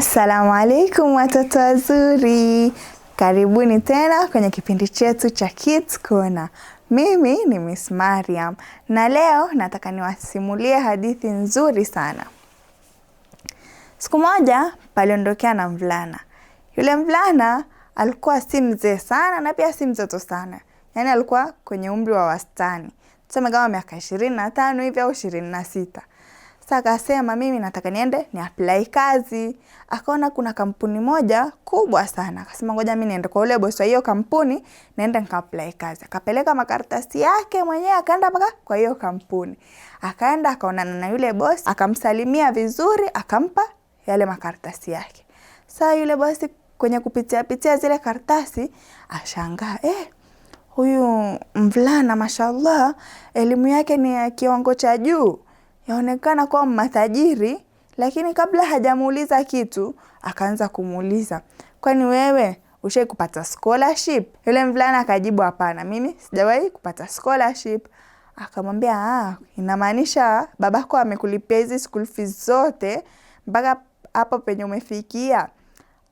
Assalamu alaikum watoto wazuri, karibuni tena kwenye kipindi chetu cha Kids Corner. Mimi ni Miss Mariam na leo nataka niwasimulie hadithi nzuri sana. Siku moja paliondokea na mvulana. Yule mvulana alikuwa si mzee sana na pia si mtoto sana, yaani alikuwa kwenye umri wa wastani, tuseme kama miaka ishirini na tano hivi au ishirini na sita sasa akasema mimi nataka niende ni apply kazi. Akaona kuna kampuni moja kubwa sana. Akasema ngoja mimi niende kwa ule bosi wa hiyo kampuni, niende nika apply kazi. Akapeleka makaratasi yake mwenyewe akaenda mpaka kwa hiyo kampuni. Akaenda akaonana na yule bosi, akamsalimia vizuri, akampa yale makaratasi yake. Sasa yule bosi kwenye kupitia pitia zile karatasi ashangaa, eh, huyu mvulana mashallah elimu yake ni ya kiwango cha juu yaonekana kuwa matajiri, lakini kabla hajamuuliza kitu akaanza kumuuliza, kwani wewe ushai kupata scholarship? Yule mvulana akajibu hapana, mimi sijawahi kupata scholarship. Akamwambia ah, inamaanisha babako amekulipia hizi school fees zote mpaka hapo penye umefikia?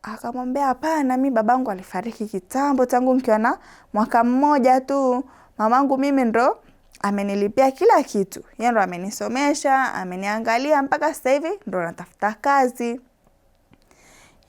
Akamwambia hapana, mi babangu alifariki kitambo, tangu nikiwa na mwaka mmoja tu. Mamangu mimi ndo amenilipia kila kitu, yeye ndo amenisomesha, ameniangalia mpaka sasa hivi ndo natafuta kazi.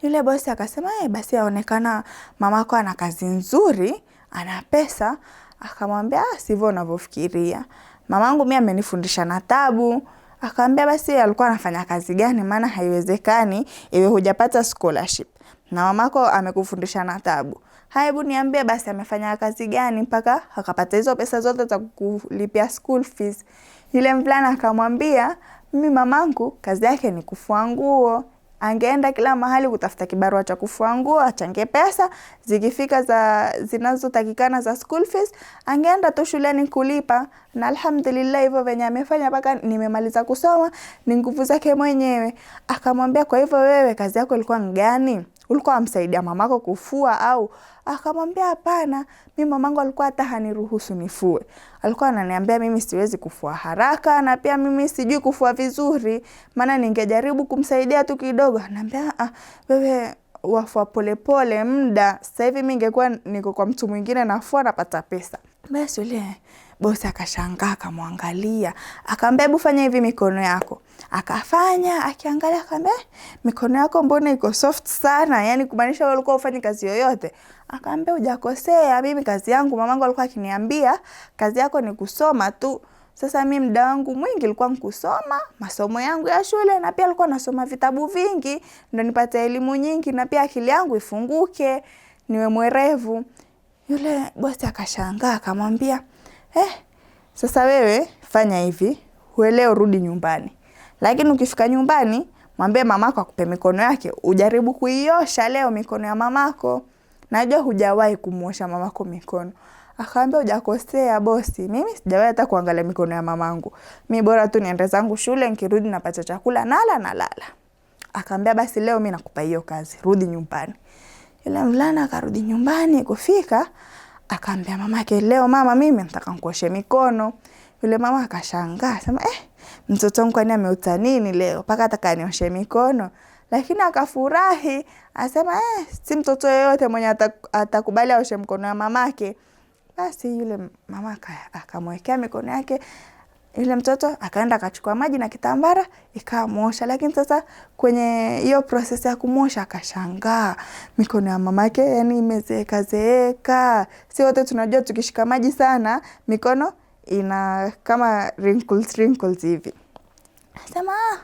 Yule bosi akasema eh, basi aonekana mamako ana kazi nzuri, ana pesa. Akamwambia ah, sivyo unavyofikiria, mamangu mimi amenifundisha na tabu. Akaambia basi alikuwa anafanya kazi gani? Maana haiwezekani iwe hujapata scholarship na mamako amekufundisha na tabu haya, hebu niambie basi amefanya kazi gani mpaka akapata hizo pesa zote za kulipia school fees. Yule mvulana akamwambia, mimi mamangu kazi yake ni kufua nguo angeenda kila mahali kutafuta kibarua cha kufua nguo, achange pesa zikifika za zinazotakikana za school fees, angeenda tu shuleni kulipa. Na alhamdulillah hivyo venye amefanya mpaka nimemaliza kusoma ni nguvu zake mwenyewe. Akamwambia, kwa hivyo wewe kazi yako ilikuwa gani? ulikuwa amsaidia mamako kufua? Au akamwambia hapana, mi mamangu alikuwa hata haniruhusu nifue, alikuwa ananiambia mimi siwezi kufua haraka na pia mimi sijui kufua vizuri, maana ningejaribu kumsaidia tu kidogo, anaambia ah, ah, wewe wafua polepole mda Sasa hivi mi ngekuwa niko kwa mtu mwingine nafua napata pesa. Basi ulie Bosi akashangaa akamwangalia, akaambia hebu fanya hivi mikono yako. Akafanya, akiangalia akaambia eh, mikono yako mbona iko soft sana, yani kumaanisha wewe ulikuwa ufanye kazi yoyote. Akaambia hujakosea, mimi kazi yangu mamangu alikuwa akiniambia kazi yako ni kusoma tu. Sasa mi mda wangu mwingi ilikuwa nkusoma masomo yangu ya shule, na pia alikuwa nasoma vitabu vingi ndo nipate elimu nyingi, na pia akili yangu ifunguke, niwe mwerevu. Yule bosi akashangaa akamwambia eh, sasa wewe fanya hivi, uelewe, urudi nyumbani. Lakini ukifika nyumbani, mwambie mamako akupe mikono yake, ujaribu kuiosha leo mikono ya mamako. Najua hujawahi kumuosha mamako mikono. Akaambia ujakosea bosi, mimi sijawahi hata kuangalia mikono ya mamangu. Mi bora tu niende zangu shule, nikirudi napata chakula nala nalala. Akaambia basi leo mi nakupa hiyo kazi, rudi nyumbani. Yule mvulana akarudi nyumbani. Kufika akaambia mamake, leo mama, mimi nataka nkuoshe mikono. Yule mama akashangaa, sema eh, mtoto wangu kwani ameuta nini leo mpaka ataka nioshe mikono? Lakini akafurahi asema eh, si mtoto yeyote mwenye atakubali aoshe mkono ya mamake. Basi yule mama akamwekea mikono yake ile mtoto akaenda akachukua maji na kitambara ikamwosha, lakini sasa kwenye hiyo proses ya kumwosha akashangaa mikono ya mamake yani imezeeka zeeka. Si wote tunajua tukishika maji sana mikono ina kama wrinkles, wrinkles hivi, asema ah,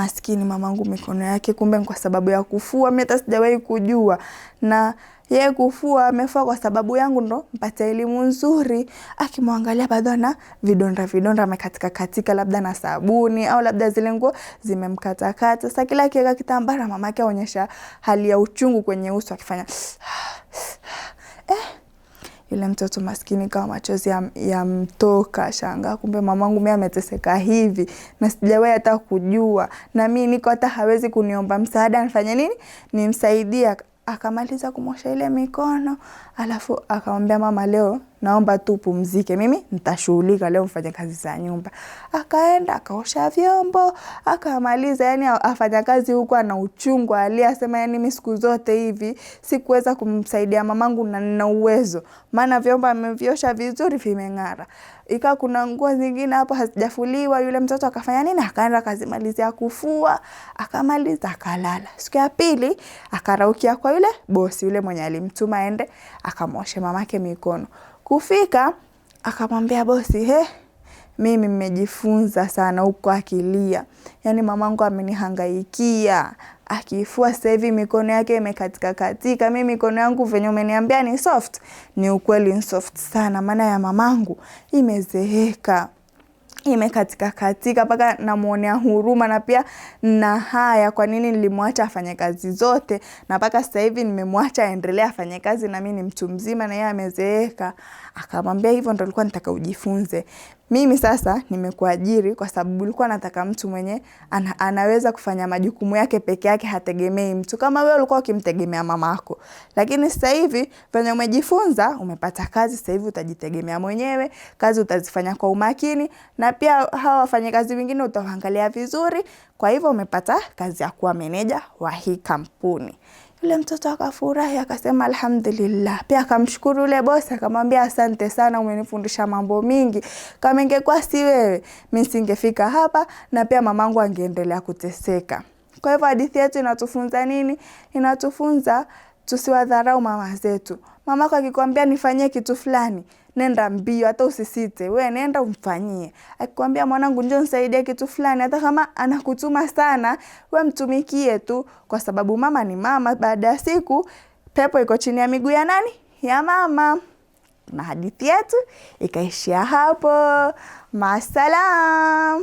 maskini mamangu mikono yake kumbe kwa sababu ya kufua, mimi hata sijawahi kujua. Na ye kufua amefua kwa sababu yangu ndo mpate elimu nzuri. Akimwangalia bado ana vidonda vidonda amekatika katika labda na sabuni au labda zile nguo zimemkatakata. Sasa kila akiweka kitambara mamake aonyesha hali ya uchungu kwenye uso akifanya yule mtoto maskini kama machozi yamtoka ya shanga, kumbe mamangu mimi ameteseka hivi na sijawahi hata kujua, na mimi niko hata hawezi kuniomba msaada, nifanye nini? Nimsaidia. Akamaliza kumosha ile mikono, alafu akamwambia mama, leo naomba tu pumzike, mimi nitashughulika leo, mfanya kazi za nyumba. Akaenda akaosha vyombo akamaliza, yani afanya kazi huku ana uchungu, asema yani mimi siku zote hivi sikuweza kumsaidia mamangu na nina uwezo, maana vyombo ameviosha vizuri vimeng'ara ikawa kuna nguo zingine hapo hazijafuliwa, yule mtoto akafanya nini? Akaenda akazimalizia kufua, akamaliza akalala. Siku ya pili akaraukia kwa yule bosi, yule mwenye alimtuma aende akamwoshe mamake mikono. Kufika akamwambia bosi, he, mimi mmejifunza sana huko akilia, yaani mamangu amenihangaikia akifua sasa hivi mikono yake imekatika katika. Mimi mikono yangu venye umeniambia ni soft, ni ukweli ni soft sana, maana ya mamangu imezeeka imekatika katika mpaka namwonea huruma na pia na haya, kwa nini nilimwacha afanye kazi zote na mpaka sasa hivi nimemwacha aendelee afanye kazi, na mimi ni mtu mzima na yeye amezeeka. Akamwambia hivyo ndo nilikuwa nitaka ujifunze. Mimi sasa nimekuajiri kwa sababu ulikuwa nataka mtu mwenye ana, anaweza kufanya majukumu yake peke yake, hategemei mtu kama wewe ulikuwa ukimtegemea yako, Lakini sasa hivi venye umejifunza, umepata kazi, sasa hivi utajitegemea mwenyewe, kazi utazifanya kwa umakini, na pia hawa wafanyakazi wengine utawaangalia vizuri. Kwa hivyo umepata kazi ya kuwa meneja wa hii kampuni. Ule mtoto akafurahi akasema alhamdulillah. Pia akamshukuru ule bosi akamwambia asante sana, umenifundisha mambo mingi, kama ingekuwa si wewe mimi singefika hapa na pia mamangu angeendelea kuteseka. Kwa hivyo hadithi yetu inatufunza nini? Inatufunza tusiwadharau mama zetu. Mamako akikwambia nifanyie kitu fulani nenda mbio, hata usisite, we nenda umfanyie. Akikwambia mwanangu, njoo nisaidie kitu fulani, hata kama anakutuma sana, we mtumikie tu, kwa sababu mama ni mama. Baada ya siku, pepo iko chini ya miguu ya nani? Ya mama. Na hadithi yetu ikaishia hapo. masalam